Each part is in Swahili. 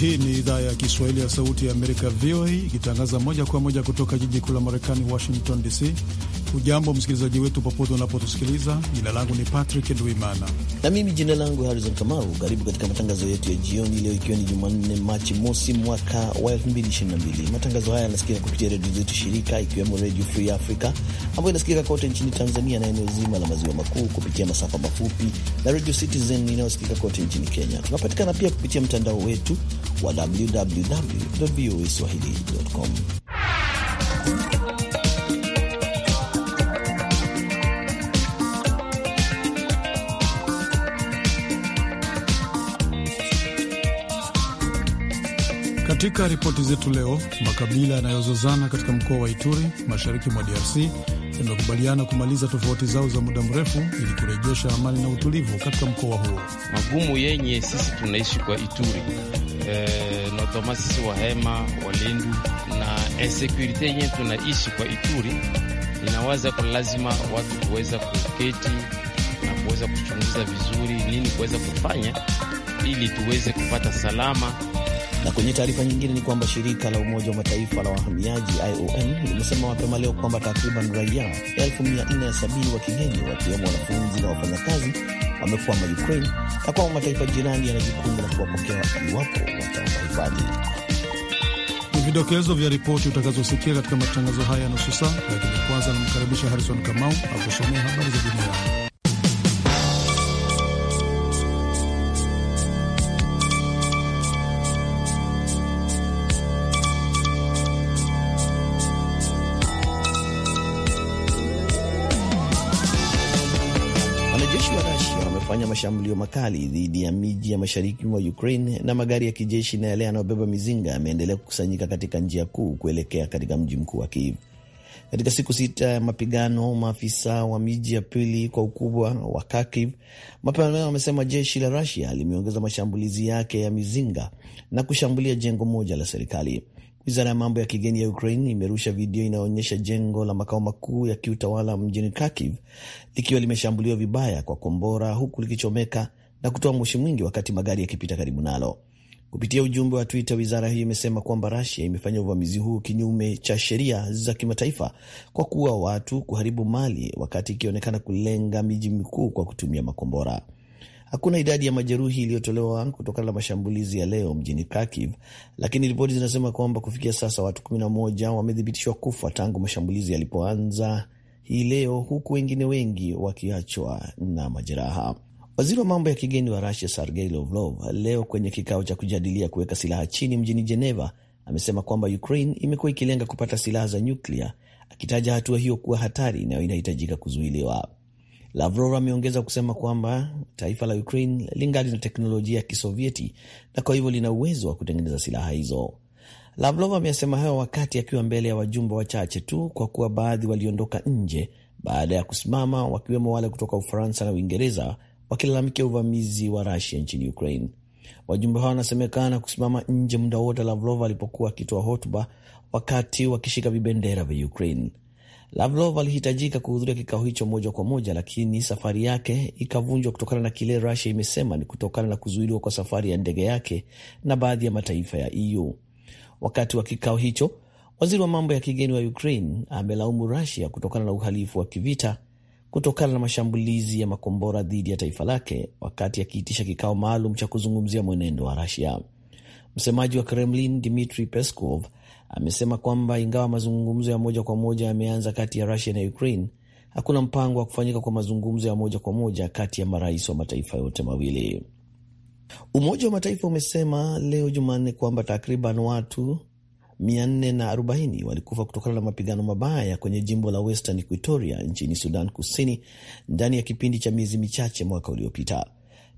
Hii ni idhaa ya Kiswahili ya Sauti ya Amerika, VOA, ikitangaza moja kwa moja kutoka jiji kuu la Marekani, Washington DC. Ujambo msikilizaji wetu, popote unapotusikiliza. Jina langu ni Patrick Ndwimana na mimi jina langu Harrison Kamau. Karibu katika matangazo yetu ya jioni leo, ikiwa ni Jumanne, Machi mosi mwaka wa 2022. Matangazo haya yanasikika kupitia redio zetu shirika, ikiwemo Redio Free Africa ambayo inasikika kote nchini Tanzania na eneo zima la maziwa makuu kupitia masafa mafupi na Redio Citizen inayosikika kote nchini Kenya. Tunapatikana pia kupitia mtandao wetu wa www.voaswahili.com. Katika ripoti zetu leo, makabila yanayozozana katika mkoa wa Ituri mashariki mwa DRC yamekubaliana kumaliza tofauti zao za muda mrefu ili kurejesha amani na utulivu katika mkoa huo magumu yenye sisi tunaishi kwa Ituri eh, wahema utomasisi wa hema walindu na insecurity yenye tunaishi kwa Ituri inawaza kwa lazima watu kuweza kuketi na kuweza kuchunguza vizuri nini kuweza kufanya ili tuweze kupata salama. Na kwenye taarifa nyingine ni kwamba shirika la Umoja wa Mataifa la wahamiaji IOM limesema mapema leo kwamba takriban raia 1470 wa kigeni wakiwemo wanafunzi na wafanyakazi ma Ukraine na kwamba mataifa jirani yana jukumu la kuwapokea iwapo wataomba hifadhi. Ni vidokezo vya ripoti utakazosikia katika matangazo haya ya nusu saa, lakini kwanza anamkaribisha Harrison Kamau akusomea habari za dunia. mashambulio makali dhidi ya miji ya mashariki mwa Ukraine na magari ya kijeshi na yale yanayobeba mizinga yameendelea kukusanyika katika njia kuu kuelekea katika mji mkuu wa Kiev. Katika siku sita ya mapigano, maafisa wa miji ya pili kwa ukubwa wa Kharkiv mapema leo wamesema jeshi la Rusia limeongeza mashambulizi yake ya mizinga na kushambulia jengo moja la serikali. Wizara ya mambo ya kigeni ya Ukraine imerusha video inayoonyesha jengo la makao makuu ya kiutawala mjini Kharkiv likiwa limeshambuliwa vibaya kwa kombora huku likichomeka na kutoa moshi mwingi wakati magari yakipita karibu nalo. Kupitia ujumbe wa Twitter, wizara hiyo imesema kwamba rasia imefanya uvamizi huu kinyume cha sheria za kimataifa kwa kuua watu, kuharibu mali, wakati ikionekana kulenga miji mikuu kwa kutumia makombora. Hakuna idadi ya majeruhi iliyotolewa kutokana na mashambulizi ya leo mjini Kharkiv, lakini ripoti zinasema kwamba kufikia sasa watu 11 wamethibitishwa kufa tangu mashambulizi yalipoanza hii leo, huku wengine wengi wakiachwa na majeraha. Waziri wa mambo ya kigeni wa Rusia Sergei Lavrov leo kwenye kikao cha kujadilia kuweka silaha chini mjini Geneva amesema kwamba Ukraine imekuwa ikilenga kupata silaha za nyuklia, akitaja hatua hiyo kuwa hatari nayo inahitajika kuzuiliwa. Lavrov ameongeza kusema kwamba taifa la Ukraine lingali na teknolojia ya kisovieti na kwa hivyo lina uwezo wa kutengeneza silaha hizo. Lavrov amesema hayo wakati akiwa mbele ya wajumbe wachache tu, kwa kuwa baadhi waliondoka nje baada ya kusimama, wakiwemo wale kutoka Ufaransa na Uingereza wakilalamikia uvamizi wa Rusia nchini Ukraine. Wajumbe hao wanasemekana kusimama nje muda wote Lavrov alipokuwa akitoa hotuba, wakati wakishika vibendera vya Ukraine. Lavrov alihitajika kuhudhuria kikao hicho moja kwa moja, lakini safari yake ikavunjwa kutokana na kile Rusia imesema ni kutokana na kuzuiliwa kwa safari ya ndege yake na baadhi ya mataifa ya EU. Wakati wa kikao hicho, waziri wa mambo ya kigeni wa Ukraine amelaumu Rusia kutokana na uhalifu wa kivita kutokana na mashambulizi ya makombora dhidi ya taifa lake, wakati akiitisha kikao maalum cha kuzungumzia mwenendo wa Rusia. Msemaji wa Kremlin Dmitri Peskov amesema kwamba ingawa mazungumzo ya moja kwa moja yameanza kati ya Rusia na Ukraine, hakuna mpango wa kufanyika kwa mazungumzo ya moja kwa moja kati ya marais wa mataifa yote mawili. Umoja wa Mataifa umesema leo Jumanne kwamba takriban watu 440 walikufa kutokana na mapigano mabaya kwenye jimbo la Western Equatoria nchini Sudan Kusini ndani ya kipindi cha miezi michache mwaka uliopita.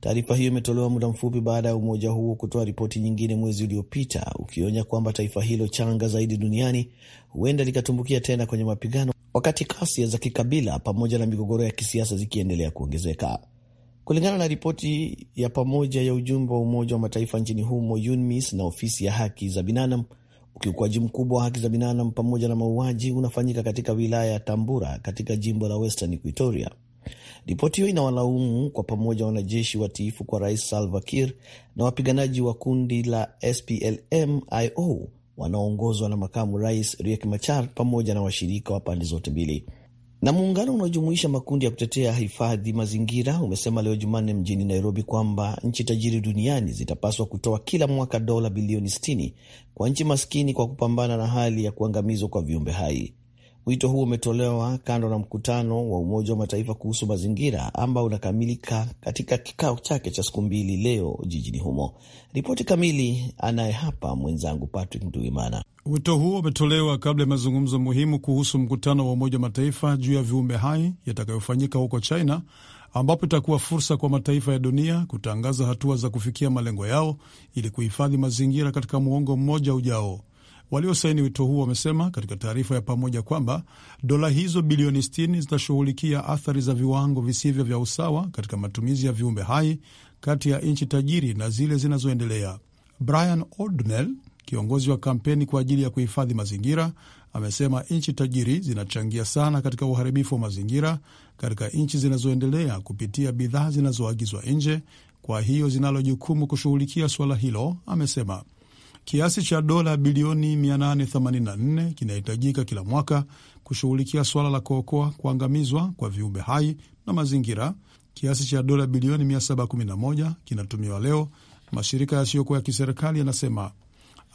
Taarifa hiyo imetolewa muda mfupi baada ya umoja huo kutoa ripoti nyingine mwezi uliopita ukionya kwamba taifa hilo changa zaidi duniani huenda likatumbukia tena kwenye mapigano, wakati ghasia za kikabila pamoja na migogoro ya kisiasa zikiendelea kuongezeka. Kulingana na ripoti ya pamoja ya ujumbe wa Umoja wa Mataifa nchini humo UNMISS na ofisi ya haki za binadamu, ukiukwaji mkubwa wa haki za binadamu pamoja na mauaji unafanyika katika wilaya ya Tambura katika jimbo la Western Equatoria Ripoti hiyo inawalaumu kwa pamoja wanajeshi watiifu kwa Rais Salva Kiir na wapiganaji wa kundi la SPLM-IO wanaoongozwa na makamu rais Riek Machar pamoja na washirika wa pande zote mbili. Na muungano unaojumuisha makundi ya kutetea hifadhi mazingira umesema leo Jumanne mjini Nairobi kwamba nchi tajiri duniani zitapaswa kutoa kila mwaka dola bilioni 60 kwa nchi maskini kwa kupambana na hali ya kuangamizwa kwa viumbe hai. Wito huo umetolewa kando na mkutano wa Umoja wa Mataifa kuhusu mazingira ambao unakamilika katika kikao chake cha siku mbili leo jijini humo. Ripoti kamili anaye hapa mwenzangu Patrick Nduimana. Wito huo umetolewa kabla ya mazungumzo muhimu kuhusu mkutano wa Umoja wa Mataifa juu ya viumbe hai yatakayofanyika huko China, ambapo itakuwa fursa kwa mataifa ya dunia kutangaza hatua za kufikia malengo yao ili kuhifadhi mazingira katika muongo mmoja ujao. Waliosaini wito huo wamesema katika taarifa ya pamoja kwamba dola hizo bilioni 60 zitashughulikia athari za viwango visivyo vya usawa katika matumizi ya viumbe hai kati ya nchi tajiri na zile zinazoendelea. Brian O'Donnell, kiongozi wa kampeni kwa ajili ya kuhifadhi mazingira, amesema nchi tajiri zinachangia sana katika uharibifu wa mazingira katika nchi zinazoendelea kupitia bidhaa zinazoagizwa nje. Kwa hiyo zinalo jukumu kushughulikia suala hilo, amesema. Kiasi cha dola bilioni 884 kinahitajika kila mwaka kushughulikia suala la kuokoa kuangamizwa kwa viumbe hai na mazingira. Kiasi cha dola bilioni 711 kinatumiwa leo, mashirika yasiyokuwa ya kiserikali yanasema.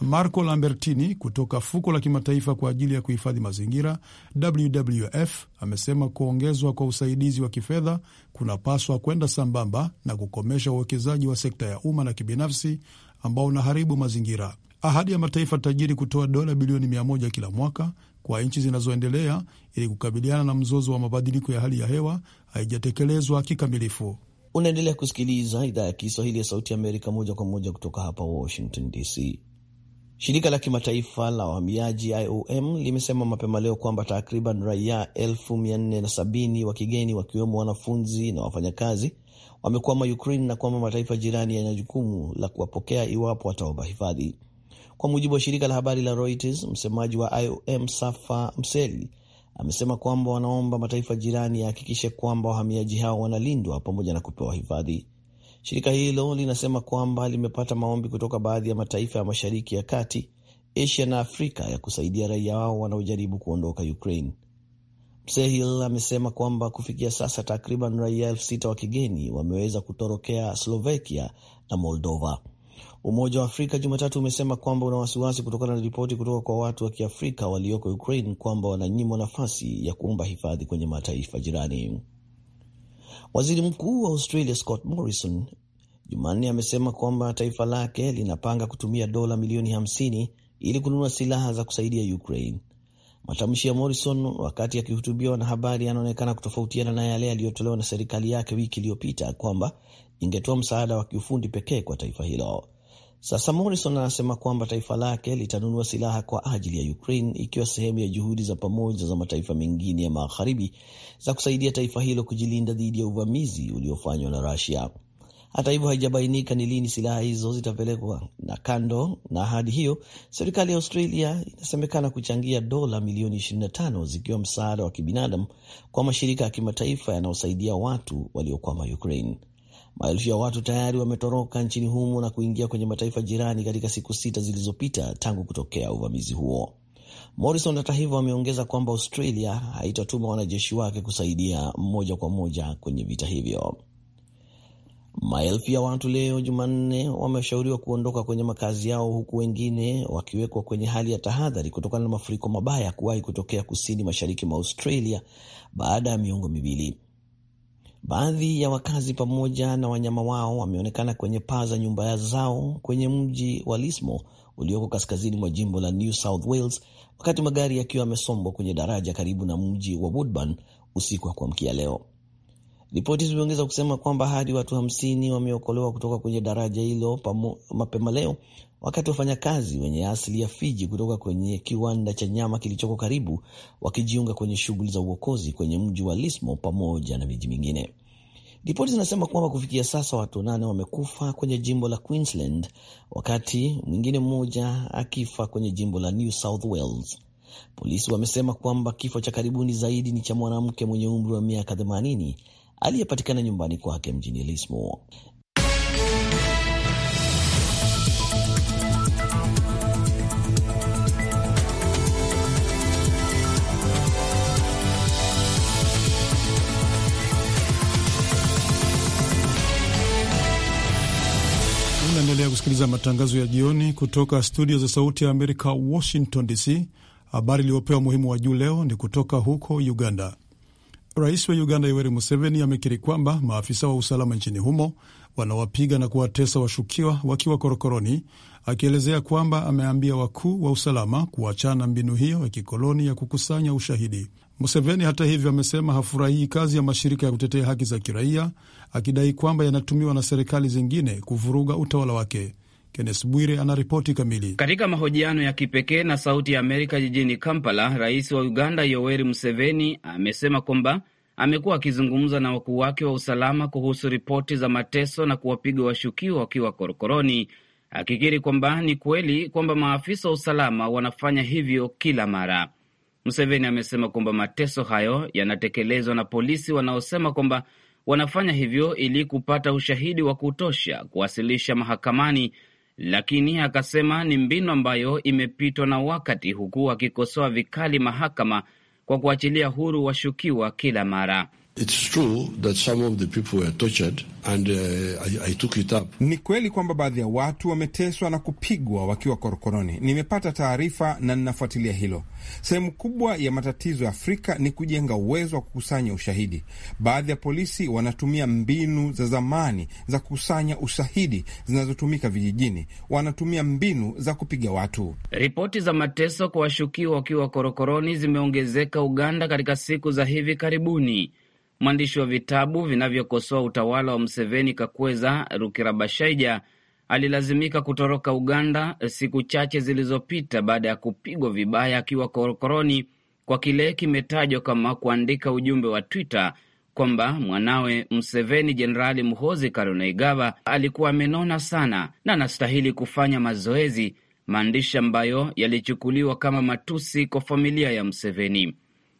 Marco Lambertini kutoka fuko la kimataifa kwa ajili ya kuhifadhi mazingira WWF amesema kuongezwa kwa usaidizi wa kifedha kunapaswa kwenda sambamba na kukomesha uwekezaji wa sekta ya umma na kibinafsi ambao unaharibu mazingira. Ahadi ya mataifa tajiri kutoa dola bilioni mia moja kila mwaka kwa nchi zinazoendelea ili kukabiliana na mzozo wa mabadiliko ya hali ya hewa haijatekelezwa kikamilifu. Unaendelea kusikiliza idhaa ya Kiswahili ya Sauti ya Amerika moja kwa moja kutoka hapa Washington DC. Shirika la kimataifa la wahamiaji IOM limesema mapema leo kwamba takriban raia 470 wa kigeni wakiwemo wanafunzi na wafanyakazi wamekwama Ukraine na kwamba mataifa jirani yana jukumu la kuwapokea iwapo wataomba hifadhi. Kwa mujibu wa shirika la habari la Reuters, msemaji wa IOM Safa Mseli amesema kwamba wanaomba mataifa jirani yahakikishe kwamba wahamiaji hao wanalindwa pamoja na kupewa hifadhi. Shirika hilo linasema kwamba limepata maombi kutoka baadhi ya mataifa ya Mashariki ya Kati, Asia na Afrika ya kusaidia raia wao wanaojaribu kuondoka Ukraine. Sehil amesema kwamba kufikia sasa takriban raia elfu sita wa kigeni wameweza kutorokea Slovakia na Moldova. Umoja wa Afrika Jumatatu umesema kwamba una wasiwasi kutokana na ripoti kutoka kwa watu wa kiafrika walioko Ukraine kwamba wananyimwa nafasi ya kuomba hifadhi kwenye mataifa jirani. Waziri Mkuu wa Australia Scott Morrison Jumanne amesema kwamba taifa lake linapanga kutumia dola milioni 50 ili kununua silaha za kusaidia Ukraine. Matamshi ya Morrison wakati akihutubia wanahabari yanaonekana kutofautiana na yale yaliyotolewa na serikali yake wiki iliyopita kwamba ingetoa msaada wa kiufundi pekee kwa taifa hilo. Sasa Morrison anasema kwamba taifa lake litanunua silaha kwa ajili ya Ukraine ikiwa sehemu ya juhudi za pamoja za mataifa mengine ya magharibi za kusaidia taifa hilo kujilinda dhidi ya uvamizi uliofanywa na Rusia. Hata hivyo, haijabainika ni lini silaha hizo zitapelekwa, na kando na ahadi hiyo, serikali ya Australia inasemekana kuchangia dola milioni 25 zikiwa msaada wa kibinadamu kwa mashirika ya kimataifa yanayosaidia watu waliokwama Ukraine. Maelfu ya watu tayari wametoroka nchini humo na kuingia kwenye mataifa jirani katika siku sita zilizopita tangu kutokea uvamizi huo. Morrison hata hivyo ameongeza kwamba Australia haitatuma wanajeshi wake kusaidia moja kwa moja kwenye vita hivyo. Maelfu ya watu leo Jumanne wameshauriwa kuondoka kwenye makazi yao huku wengine wakiwekwa kwenye hali ya tahadhari kutokana na mafuriko mabaya kuwahi kutokea kusini mashariki mwa Australia baada ya miongo miwili. Baadhi ya wakazi pamoja na wanyama wao wameonekana kwenye paa za nyumba zao kwenye mji wa Lismore ulioko kaskazini mwa jimbo la New South Wales, wakati magari yakiwa yamesombwa kwenye daraja karibu na mji wa Woodburn usiku wa kuamkia leo. Ripoti zimeongeza kusema kwamba hadi watu hamsini wameokolewa kutoka kwenye daraja hilo mapema leo, wakati wafanyakazi wenye asili ya Fiji kutoka kwenye kiwanda cha nyama kilichoko karibu wakijiunga kwenye shughuli za uokozi kwenye mji wa Lismo pamoja na miji mingine. Ripoti zinasema kwamba kufikia sasa watu nane wamekufa kwenye jimbo la Queensland, wakati mwingine mmoja akifa kwenye jimbo la New South Wales. Polisi wamesema kwamba kifo cha karibuni zaidi ni cha mwanamke mwenye umri wa miaka aliyepatikana nyumbani kwake mjini Lismore. Unaendelea kusikiliza matangazo ya jioni kutoka studio za Sauti ya Amerika, Washington DC. Habari iliyopewa umuhimu wa juu leo ni kutoka huko Uganda. Rais wa Uganda Yoweri Museveni amekiri kwamba maafisa wa usalama nchini humo wanawapiga na kuwatesa washukiwa wakiwa korokoroni, akielezea kwamba ameambia wakuu wa usalama kuachana mbinu hiyo ya kikoloni ya kukusanya ushahidi. Museveni hata hivyo amesema hafurahii kazi ya mashirika ya kutetea haki za kiraia, akidai kwamba yanatumiwa na serikali zingine kuvuruga utawala wake. Kennes Bwire anaripoti kamili. Katika mahojiano ya kipekee na Sauti ya Amerika jijini Kampala, rais wa Uganda Yoweri Museveni amesema kwamba amekuwa akizungumza na wakuu wake wa usalama kuhusu ripoti za mateso na kuwapiga washukiwa wakiwa korokoroni, akikiri kwamba ni kweli kwamba maafisa wa usalama wanafanya hivyo kila mara. Museveni amesema kwamba mateso hayo yanatekelezwa na polisi wanaosema kwamba wanafanya hivyo ili kupata ushahidi wa kutosha kuwasilisha mahakamani lakini akasema ni mbinu ambayo imepitwa na wakati, huku akikosoa vikali mahakama kwa kuachilia huru washukiwa kila mara. Ni kweli kwamba baadhi ya watu wameteswa na kupigwa wakiwa korokoroni. Nimepata taarifa na ninafuatilia hilo. Sehemu kubwa ya matatizo ya Afrika ni kujenga uwezo wa kukusanya ushahidi. Baadhi ya polisi wanatumia mbinu za zamani za kukusanya ushahidi zinazotumika vijijini, wanatumia mbinu za kupiga watu. Ripoti za mateso kwa washukiwa wakiwa korokoroni zimeongezeka Uganda katika siku za hivi karibuni. Mwandishi wa vitabu vinavyokosoa utawala wa mseveni Kakweza Rukirabashaija, alilazimika kutoroka Uganda siku chache zilizopita baada ya kupigwa vibaya akiwa korokoroni kwa kile kimetajwa kama kuandika ujumbe wa Twitter kwamba mwanawe Mseveni, Jenerali Muhozi Kainerugaba, alikuwa amenona sana na anastahili kufanya mazoezi, maandishi ambayo yalichukuliwa kama matusi kwa familia ya Mseveni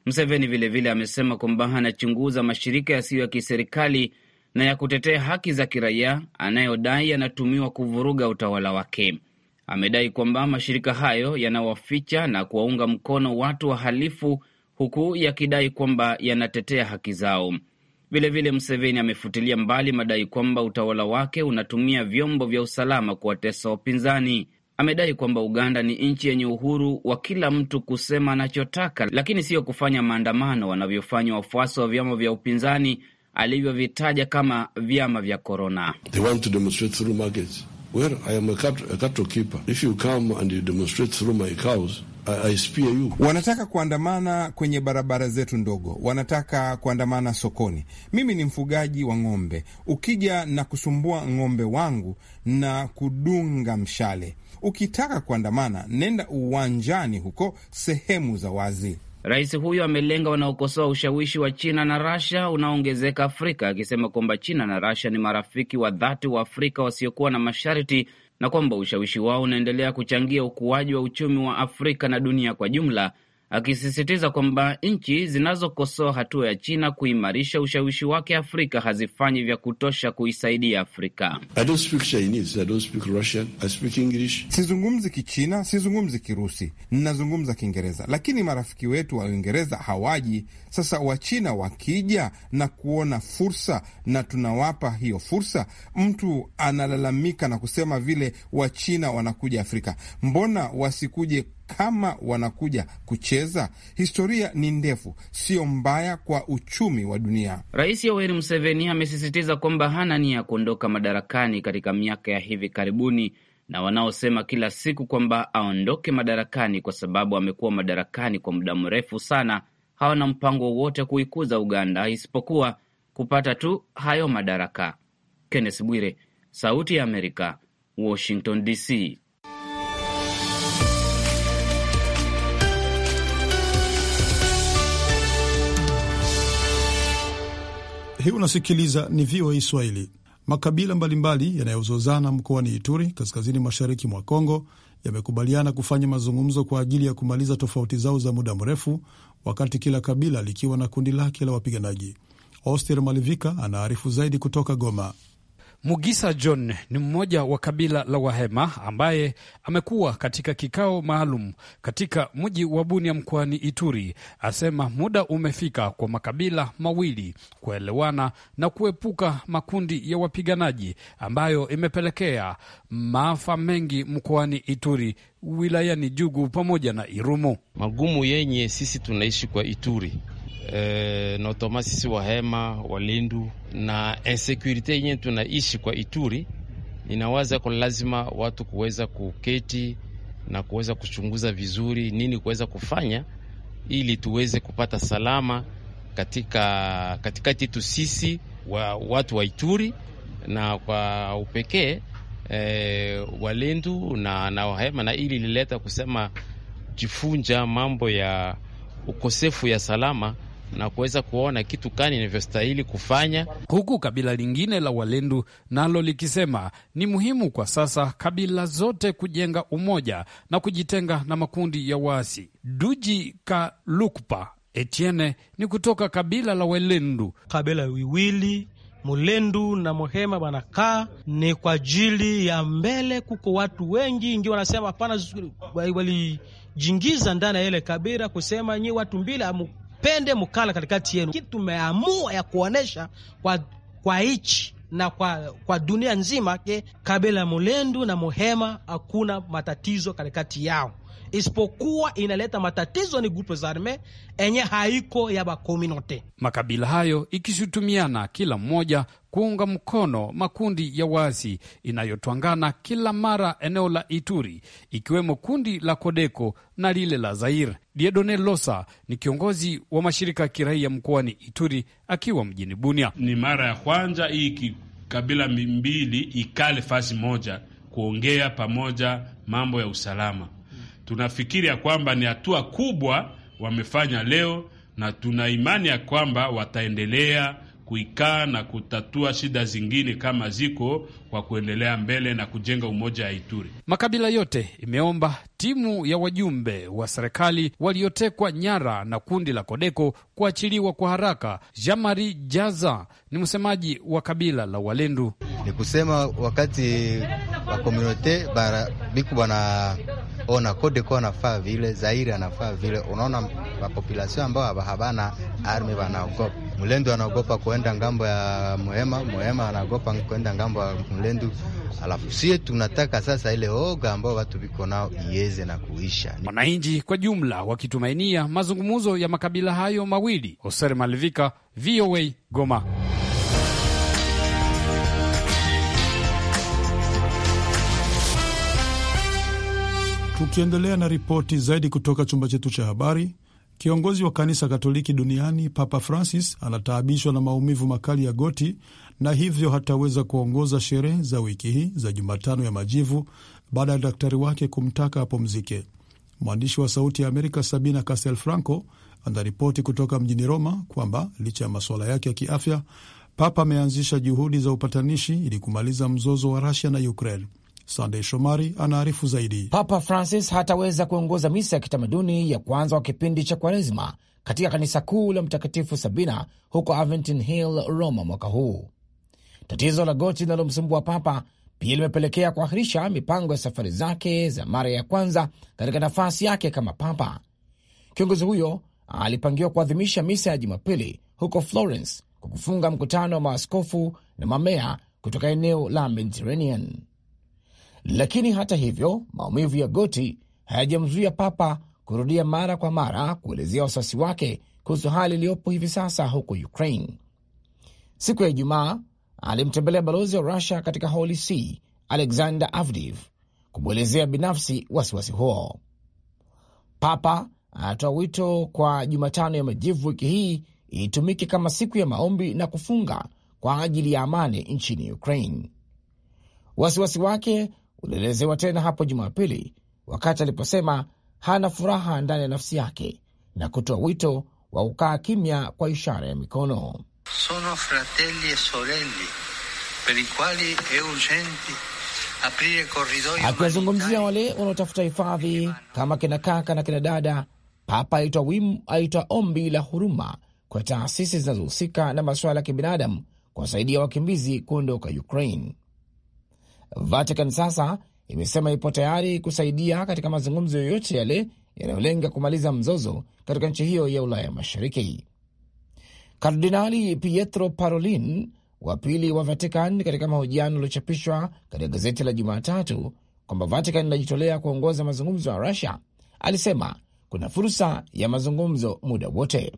mseveni vilevile amesema kwamba anachunguza mashirika yasiyo ya kiserikali na ya kutetea haki za kiraia anayodai yanatumiwa kuvuruga utawala wake. Amedai kwamba mashirika hayo yanawaficha na kuwaunga mkono watu wahalifu huku yakidai kwamba yanatetea haki zao. Vilevile, mseveni amefutilia mbali madai kwamba utawala wake unatumia vyombo vya usalama kuwatesa wapinzani amedai kwamba Uganda ni nchi yenye uhuru wa kila mtu kusema anachotaka, lakini siyo kufanya maandamano wanavyofanya wafuasi wa vyama vya upinzani alivyovitaja kama vyama vya korona. ISPU. Wanataka kuandamana kwenye barabara zetu ndogo, wanataka kuandamana sokoni. Mimi ni mfugaji wa ng'ombe, ukija na kusumbua ng'ombe wangu na kudunga mshale. Ukitaka kuandamana, nenda uwanjani huko, sehemu za wazi. Rais huyo amelenga wanaokosoa ushawishi wa China na rasha unaoongezeka Afrika, akisema kwamba China na rasha ni marafiki wa dhati wa Afrika wasiokuwa na masharti na kwamba ushawishi wao unaendelea kuchangia ukuaji wa uchumi wa Afrika na dunia kwa jumla, akisisitiza kwamba nchi zinazokosoa hatua ya China kuimarisha ushawishi wake Afrika hazifanyi vya kutosha kuisaidia Afrika. Sizungumzi Kichina, sizungumzi Kirusi, ninazungumza Kiingereza, lakini marafiki wetu wa Uingereza hawaji. Sasa Wachina wakija na kuona fursa na tunawapa hiyo fursa, mtu analalamika na kusema vile Wachina wanakuja Afrika, mbona wasikuje kama wanakuja kucheza. Historia ni ndefu, sio mbaya kwa uchumi wa dunia. Rais Yoweri Museveni amesisitiza kwamba hana nia ya kuondoka madarakani katika miaka ya hivi karibuni, na wanaosema kila siku kwamba aondoke madarakani kwa sababu amekuwa madarakani kwa muda mrefu sana hawana mpango wowote kuikuza Uganda isipokuwa kupata tu hayo madaraka. Kenneth Bwire, Sauti ya Amerika, Washington DC. Hii unasikiliza ni VOA Swahili. Makabila mbalimbali yanayozozana mkoani Ituri, kaskazini mashariki mwa Kongo, yamekubaliana kufanya mazungumzo kwa ajili ya kumaliza tofauti zao za muda mrefu, wakati kila kabila likiwa na kundi lake la wapiganaji. Oster Malivika anaarifu zaidi kutoka Goma. Mugisa John ni mmoja wa kabila la Wahema ambaye amekuwa katika kikao maalum katika mji wa Bunia mkoani Ituri, asema muda umefika kwa makabila mawili kuelewana na kuepuka makundi ya wapiganaji ambayo imepelekea maafa mengi mkoani Ituri wilayani Jugu pamoja na Irumu. Magumu yenye sisi tunaishi kwa Ituri eh, notoma sisi Wahema, Walindu na insecurity yenye tunaishi kwa Ituri, inawaza kwa lazima watu kuweza kuketi na kuweza kuchunguza vizuri nini kuweza kufanya ili tuweze kupata salama katika katikati yetu sisi wa, watu wa Ituri na kwa upekee e, eh, Walendu na, na Wahema, na ili lileta kusema jifunja mambo ya ukosefu ya salama na kuweza kuona kitu kani inavyostahili kufanya, huku kabila lingine la Walendu nalo likisema ni muhimu kwa sasa kabila zote kujenga umoja na kujitenga na makundi ya waasi. Duji Kalukpa Etienne ni kutoka kabila la Walendu. Kabila wiwili Mulendu na Muhema wanakaa ni kwa ajili ya mbele. Kuko watu wengi ingi wanasema hapana, walijingiza ndani ya ile kabila kusema nyi watu mbili amu pende mkala katikati yenu. Kitu tumeamua ya kuonesha kwa, kwa ichi na kwa, kwa dunia nzima ke kabila mulendu na muhema hakuna matatizo katikati yao isipokuwa inaleta matatizo ni grupe za arme enye haiko ya bakominote. Makabila hayo ikishutumiana kila mmoja kuunga mkono makundi ya waasi inayotwangana kila mara eneo la Ituri, ikiwemo kundi la Kodeko na lile la Zair. Diedone Losa ni kiongozi wa mashirika ya kiraia mkoani Ituri akiwa mjini Bunia. Ni mara ya kwanza hii kikabila mbili ikale fasi moja kuongea pamoja mambo ya usalama tunafikiri ya kwamba ni hatua kubwa wamefanya leo, na tuna imani ya kwamba wataendelea kuikaa na kutatua shida zingine kama ziko kwa kuendelea mbele na kujenga umoja ya Ituri. Makabila yote imeomba timu ya wajumbe wa serikali waliotekwa nyara na kundi la Kodeko kuachiliwa kwa haraka. Jamari Jaza ni msemaji wa kabila la Walendu. Ni kusema wakati wa komunote bara biku bana ona Cote d'Ivoire anafaa vile, Zaire anafaa vile. Unaona mapopulasio ambao habana army wanaogopa mlendu, anaogopa kuenda ngambo ya muhema, muhema anaogopa kuenda ngambo ya mlendu. Alafu sie tunataka sasa ile oga ambao watu viko nao iweze na kuisha, wananchi kwa jumla wakitumainia mazungumzo ya makabila hayo mawili. Hoser Malivika, VOA Goma. Tukiendelea na ripoti zaidi kutoka chumba chetu cha habari, kiongozi wa kanisa Katoliki duniani Papa Francis anataabishwa na maumivu makali ya goti na hivyo hataweza kuongoza sherehe za wiki hii za Jumatano ya Majivu baada ya daktari wake kumtaka apumzike. Mwandishi wa Sauti ya Amerika Sabina Castel Franco anaripoti kutoka mjini Roma kwamba licha ya masuala yake ya kiafya, Papa ameanzisha juhudi za upatanishi ili kumaliza mzozo wa Rusia na Ukraine. Sandey Shomari anaarifu zaidi. Papa Francis hataweza kuongoza misa ya kitamaduni ya kwanza wa kipindi cha Kwaresma katika kanisa kuu la Mtakatifu Sabina huko Aventin Hill, Roma mwaka huu. Tatizo la goti linalomsumbua Papa pia limepelekea kuahirisha mipango ya safari zake za mara ya kwanza katika nafasi yake kama Papa. Kiongozi huyo alipangiwa kuadhimisha misa ya Jumapili huko Florence kwa kufunga mkutano wa maaskofu na mamea kutoka eneo la Mediterranean. Lakini hata hivyo, maumivu ya goti hayajamzuia Papa kurudia mara kwa mara kuelezea wasiwasi wake kuhusu hali iliyopo hivi sasa huko Ukraine. Siku ya Ijumaa alimtembelea balozi wa Rusia katika Holy See Alexander Avdiv kumwelezea binafsi wasiwasi huo. Papa anatoa wito kwa Jumatano ya Majivu wiki hii itumike kama siku ya maombi na kufunga kwa ajili ya amani nchini Ukraine. Wasiwasi wake ulielezewa tena hapo Jumapili wakati aliposema hana furaha ndani ya nafsi yake na kutoa wito wa kukaa kimya kwa ishara ya mikono. Sono fratelli e sorelli per i quali e urgenti aprire corridoi. Akiwazungumzia wale wanaotafuta hifadhi kama kina kaka na kina dada, Papa aitwa wimu aitwa ombi la huruma kwa taasisi zinazohusika na masuala ya kibinadamu kuwasaidia wakimbizi kuondoka Ukraine. Vatican sasa imesema ipo tayari kusaidia katika mazungumzo yoyote yale yanayolenga kumaliza mzozo katika nchi hiyo ya Ulaya Mashariki. Kardinali Pietro Parolin wa pili wa Vatican, katika mahojiano yaliyochapishwa katika gazeti la Jumatatu kwamba Vatican inajitolea kuongoza mazungumzo ya Rusia, alisema kuna fursa ya mazungumzo muda wote.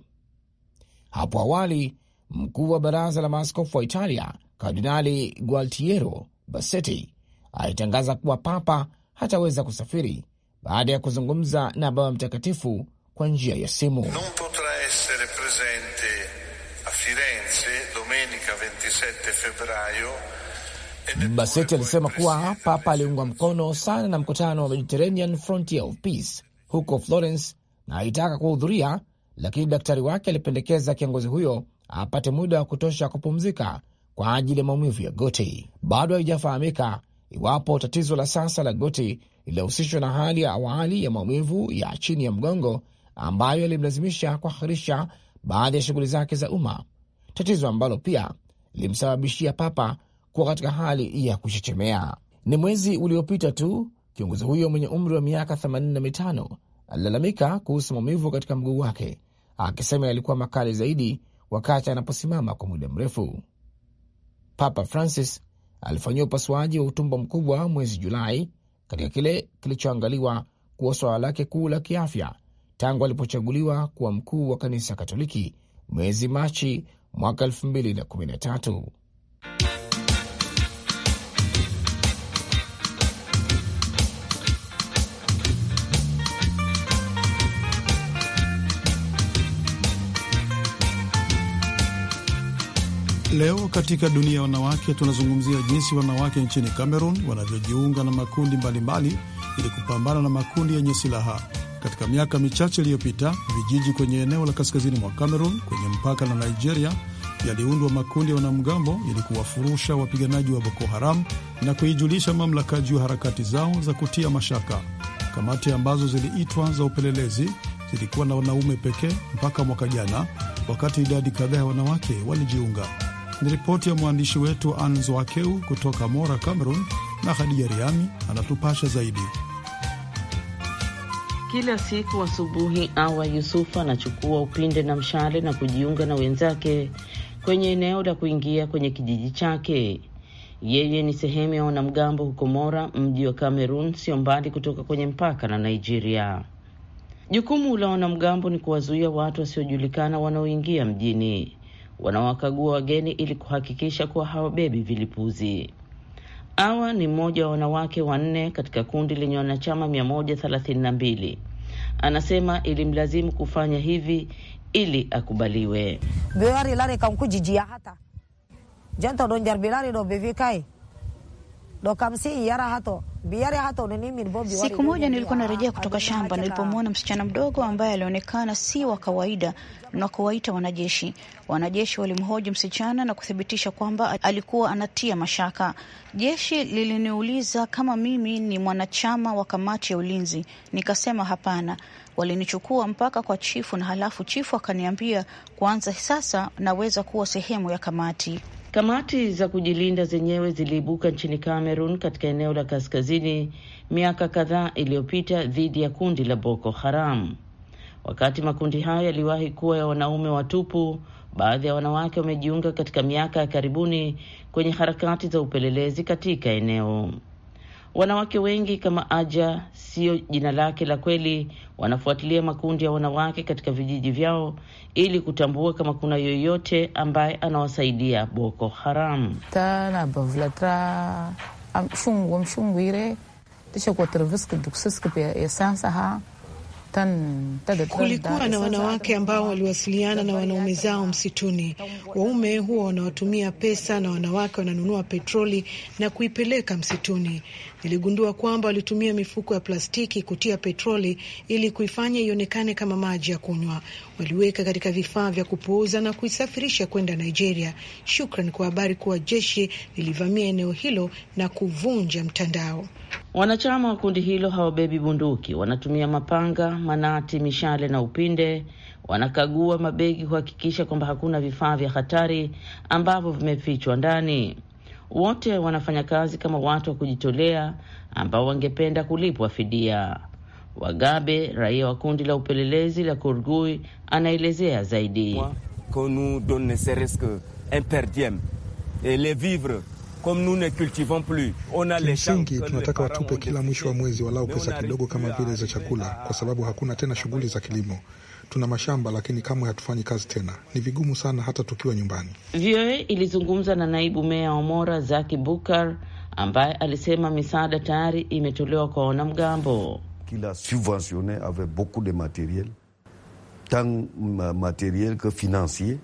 Hapo awali mkuu wa baraza la maaskofu wa Italia Kardinali Gualtiero Bassetti alitangaza kuwa papa hataweza kusafiri baada ya kuzungumza na Baba Mtakatifu kwa njia ya simu. Non e alisema kuwa papa aliungwa mkono sana na mkutano wa Mediterranean Frontier of Peace huko Florence na alitaka kuhudhuria, lakini daktari wake alipendekeza kiongozi huyo apate muda wa kutosha kupumzika kwa ajili ya maumivu ya goti. Bado haijafahamika iwapo tatizo la sasa la goti lilihusishwa na hali ya awali ya maumivu ya chini ya mgongo ambayo yalimlazimisha kuahirisha baadhi ya shughuli zake za umma, tatizo ambalo pia lilimsababishia Papa kuwa katika hali ya kuchechemea. Ni mwezi uliopita tu kiongozi huyo mwenye umri wa miaka 85 alilalamika kuhusu maumivu katika mguu wake, akisema yalikuwa makali zaidi wakati anaposimama kwa muda mrefu. Papa Francis alifanyiwa upasuaji wa utumbo mkubwa mwezi Julai katika kile kilichoangaliwa kuwa swala lake kuu la kiafya tangu alipochaguliwa kuwa mkuu wa kanisa Katoliki mwezi Machi mwaka 2013. Leo katika dunia ya wanawake tunazungumzia jinsi wanawake nchini Cameroon wanavyojiunga na makundi mbalimbali ili kupambana na makundi yenye silaha. Katika miaka michache iliyopita, vijiji kwenye eneo la kaskazini mwa Cameroon kwenye mpaka na Nigeria yaliundwa makundi ya wanamgambo ili kuwafurusha wapiganaji wa Boko Haram na kuijulisha mamlaka juu ya harakati zao za kutia mashaka. Kamati ambazo ziliitwa za upelelezi zilikuwa na wanaume pekee mpaka mwaka jana, wakati idadi kadhaa ya wanawake walijiunga. Ni ripoti ya mwandishi wetu Ans Wakeu kutoka Mora, Cameroon, na Hadija Riami anatupasha zaidi. Kila siku asubuhi, Awa Yusufu anachukua upinde na mshale na kujiunga na wenzake kwenye eneo la kuingia kwenye kijiji chake. Yeye ni sehemu ya wanamgambo huko Mora, mji wa Kamerun, sio mbali kutoka kwenye mpaka na Nigeria. Jukumu la wanamgambo ni kuwazuia watu wasiojulikana wanaoingia mjini wanawakagua wageni ili kuhakikisha kuwa hawabebi vilipuzi. Awa ni mmoja wa wanawake wanne katika kundi lenye wanachama 132. Anasema ilimlazimu kufanya hivi ili akubaliwe. Siku moja nilikuwa narejea kutoka shamba nilipomwona msichana mdogo ambaye alionekana si wa kawaida na kuwaita wanajeshi. Wanajeshi walimhoji msichana na kuthibitisha kwamba alikuwa anatia mashaka. Jeshi liliniuliza kama mimi ni mwanachama wa kamati ya ulinzi, nikasema hapana. Walinichukua mpaka kwa chifu na halafu chifu akaniambia, kuanza sasa naweza kuwa sehemu ya kamati. Kamati za kujilinda zenyewe ziliibuka nchini Cameroon katika eneo la kaskazini miaka kadhaa iliyopita dhidi ya kundi la Boko Haram. Wakati makundi hayo yaliwahi kuwa ya wanaume watupu, baadhi ya wanawake wamejiunga katika miaka ya karibuni kwenye harakati za upelelezi katika eneo. Wanawake wengi kama Aja sio jina lake la kweli, wanafuatilia makundi ya wanawake katika vijiji vyao ili kutambua kama kuna yoyote ambaye anawasaidia Boko Haram. Kulikuwa na wanawake ambao waliwasiliana na wanaume zao msituni. Waume huwa wanawatumia pesa na wanawake wananunua petroli na kuipeleka msituni niligundua kwamba walitumia mifuko ya plastiki kutia petroli ili kuifanya ionekane kama maji ya kunywa. Waliweka katika vifaa vya kupooza na kuisafirisha kwenda Nigeria. Shukran kwa habari kuwa jeshi lilivamia eneo hilo na kuvunja mtandao. Wanachama wa kundi hilo hawabebi bunduki, wanatumia mapanga, manati, mishale na upinde. Wanakagua mabegi kuhakikisha kwamba hakuna vifaa vya hatari ambavyo vimefichwa ndani. Wote wanafanya kazi kama watu wa kujitolea ambao wangependa kulipwa fidia. Wagabe, raia wa kundi la upelelezi la Kurgui, anaelezea zaidi. Kimsingi tunataka watupe kila mwisho wa mwezi walau pesa kidogo kama vile za chakula, kwa sababu hakuna tena shughuli za kilimo tuna mashamba lakini kamwe hatufanyi kazi tena, ni vigumu sana hata tukiwa nyumbani. VOA ilizungumza na naibu meya wa Mora Zaki Bukar ambaye alisema misaada tayari imetolewa kwa wanamgambo kila subventionne avec beaucoup de materiel tant materiel que financier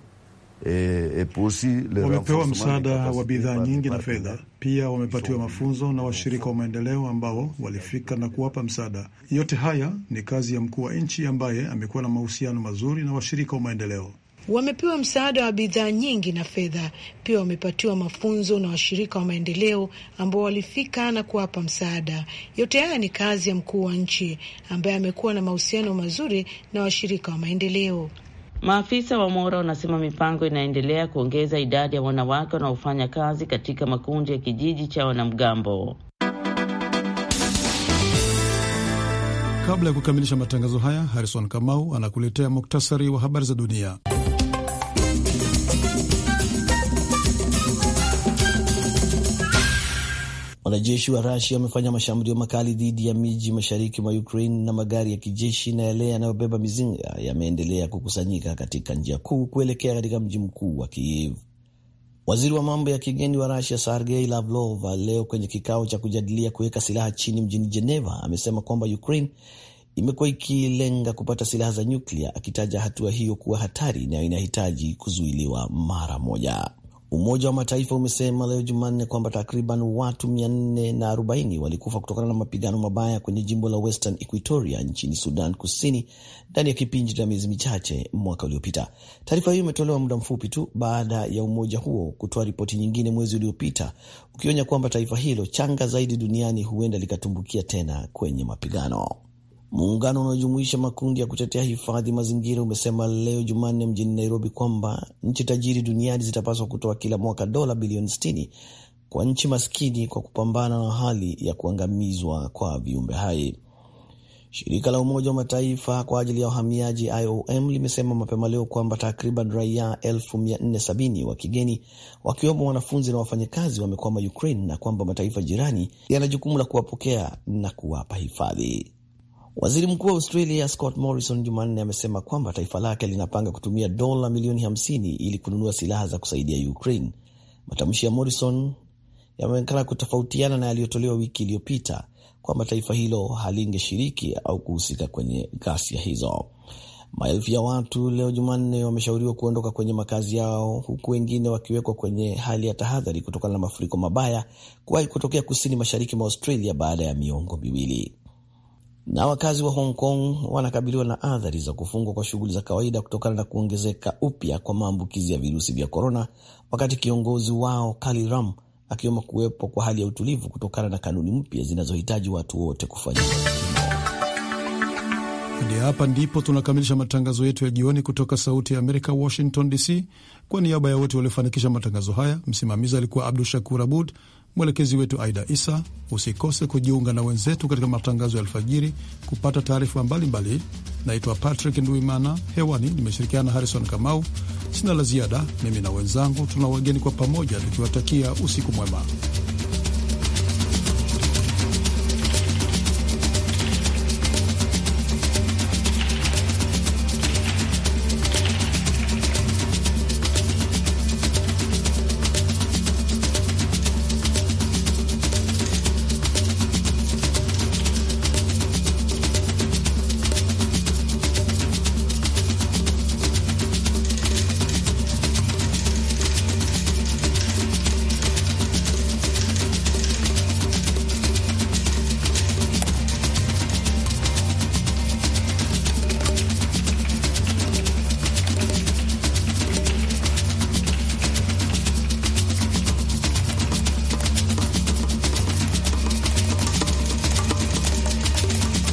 E, e wamepewa msaada wa bidhaa nyingi na fedha eh? pia wamepatiwa mafunzo na washirika wa maendeleo ambao walifika na kuwapa msaada. Yote haya ni kazi ya mkuu wa nchi ambaye amekuwa na mahusiano mazuri na washirika wa maendeleo. Wamepewa msaada wa bidhaa nyingi na fedha, pia wamepatiwa mafunzo na washirika wa maendeleo ambao walifika na kuwapa msaada. Yote haya ni kazi ya mkuu wa nchi ambaye amekuwa na mahusiano mazuri na washirika wa maendeleo. Maafisa wa Mora wanasema mipango inaendelea kuongeza idadi ya wanawake wanaofanya kazi katika makundi ya kijiji cha wanamgambo. Kabla ya kukamilisha matangazo haya, Harrison Kamau anakuletea muktasari wa habari za dunia. Wanajeshi wa Rusia wamefanya mashambulio makali dhidi ya miji mashariki mwa Ukraine na magari ya kijeshi na yale yanayobeba mizinga yameendelea kukusanyika katika njia kuu kuelekea katika mji mkuu wa Kiev. Waziri wa mambo ya kigeni wa Rusia Sergei Lavrov leo kwenye kikao cha kujadilia kuweka silaha chini mjini Geneva amesema kwamba Ukraine imekuwa ikilenga kupata silaha za nyuklia, akitaja hatua hiyo kuwa hatari na inahitaji kuzuiliwa mara moja. Umoja wa Mataifa umesema leo Jumanne kwamba takriban watu 440 walikufa kutokana na mapigano mabaya kwenye jimbo la Western Equatoria nchini Sudan Kusini ndani ya kipindi cha miezi michache mwaka uliopita. Taarifa hiyo imetolewa muda mfupi tu baada ya umoja huo kutoa ripoti nyingine mwezi uliopita, ukionya kwamba taifa hilo changa zaidi duniani huenda likatumbukia tena kwenye mapigano. Muungano unaojumuisha makundi ya kutetea hifadhi mazingira umesema leo Jumanne mjini Nairobi kwamba nchi tajiri duniani zitapaswa kutoa kila mwaka dola bilioni 60 kwa nchi maskini kwa kupambana na hali ya kuangamizwa kwa viumbe hai. Shirika la Umoja wa Mataifa kwa ajili ya uhamiaji IOM limesema mapema leo kwamba takriban raia 470 wa kigeni wakiwemo wanafunzi na wafanyakazi wamekwama Ukraine na kwamba mataifa jirani yana jukumu la kuwapokea na kuwapa hifadhi. Waziri mkuu wa Australia Scott Morrison Jumanne amesema kwamba taifa lake linapanga kutumia dola milioni 50 ili kununua silaha za kusaidia Ukraine. Matamshi ya Morrison yameonekana kutofautiana na yaliyotolewa wiki iliyopita kwamba taifa hilo halingeshiriki au kuhusika kwenye ghasia hizo. Maelfu ya watu leo Jumanne wameshauriwa kuondoka kwenye makazi yao huku wengine wakiwekwa kwenye hali ya tahadhari kutokana na mafuriko mabaya kuwahi kutokea kusini mashariki mwa Australia baada ya miongo miwili. Na wakazi wa Hong Kong wanakabiliwa na athari za kufungwa kwa shughuli za kawaida kutokana na kuongezeka upya kwa maambukizi ya virusi vya korona, wakati kiongozi wao Carrie Lam akiomba kuwepo kwa hali ya utulivu kutokana na kanuni mpya zinazohitaji watu wote kufanya Hadi hapa ndipo tunakamilisha matangazo yetu ya jioni kutoka Sauti ya Amerika, Washington DC. Kwa niaba ya wote waliofanikisha matangazo haya, msimamizi alikuwa Abdu Shakur Abud. Mwelekezi wetu Aida Isa. Usikose kujiunga na wenzetu katika matangazo ya alfajiri kupata taarifa mbalimbali. Naitwa Patrick Nduimana, hewani nimeshirikiana Harrison Kamau. Sina la ziada, mimi na wenzangu tuna wageni kwa pamoja, tukiwatakia usiku mwema.